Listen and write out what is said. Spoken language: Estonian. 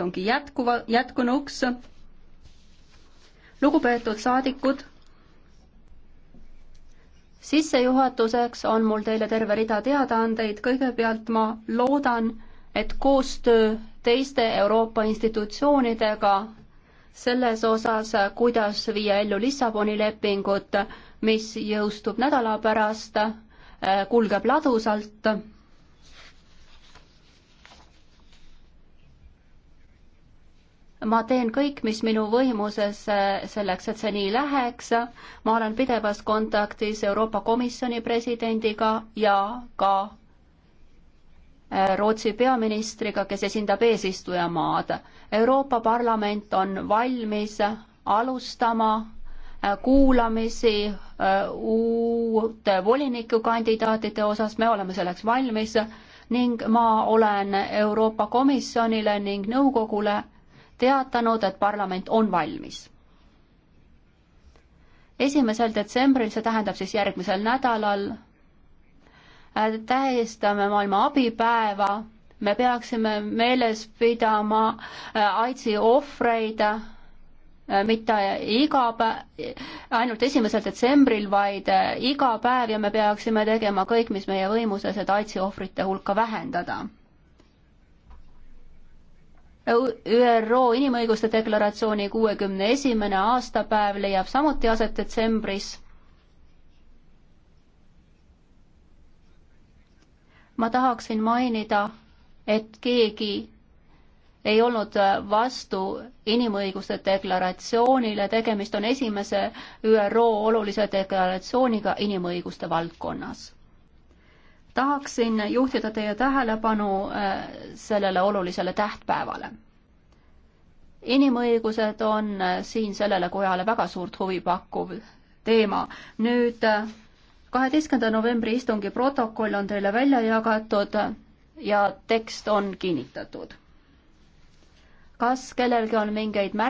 debatt ongi jätkuva, jätkunuks. lugupeetud saadikud, sissejuhatuseks on mul teile terve rida teadaandeid, kõigepealt ma loodan, et koostöö teiste Euroopa institutsioonidega selles osas, kuidas viia ellu Lissaboni lepingut, mis jõustub nädala pärast, kulgeb ladusalt ma teen kõik, mis minu võimuses eh, selleks, et see nii läheks. ma olen pidevas kontaktis Euroopa Komisjoni presidendiga ja ka eh, Rootsi peaministriga, kes esindab eesistujamaad. Euroopa Parlament on valmis alustama eh, kuulamisi uute volinikukandidaatide osas, me oleme selleks valmis ning ma olen Euroopa Komisjonile ning nõukogule teatanud, et parlament on valmis. esimesel detsembril, see tähendab siis järgmisel nädalal, äh, tähistame maailma abipäeva, me peaksime meeles pidama äh, AIDSi ohvreid, äh, mitte iga päev, ainult esimesel detsembril, vaid iga päev ja me peaksime tegema kõik, mis meie võimuses, et AIDSi ohvrite hulka vähendada ÜRO inimõiguste deklaratsiooni kuuekümne esimene aastapäev leiab samuti aset detsembris. ma tahaksin mainida, et keegi ei olnud vastu inimõiguste deklaratsioonile, tegemist on esimese ÜRO olulise deklaratsiooniga inimõiguste valdkonnas tahaksin juhtida teie tähelepanu äh, sellele olulisele tähtpäevale. inimõigused on äh, siin sellele kojale väga suurt huvi pakkuv teema. nüüd äh, kaheteistkümnenda novembri istungi protokoll on teile välja jagatud ja tekst on kinnitatud. kas kellelgi on mingeid märkusi?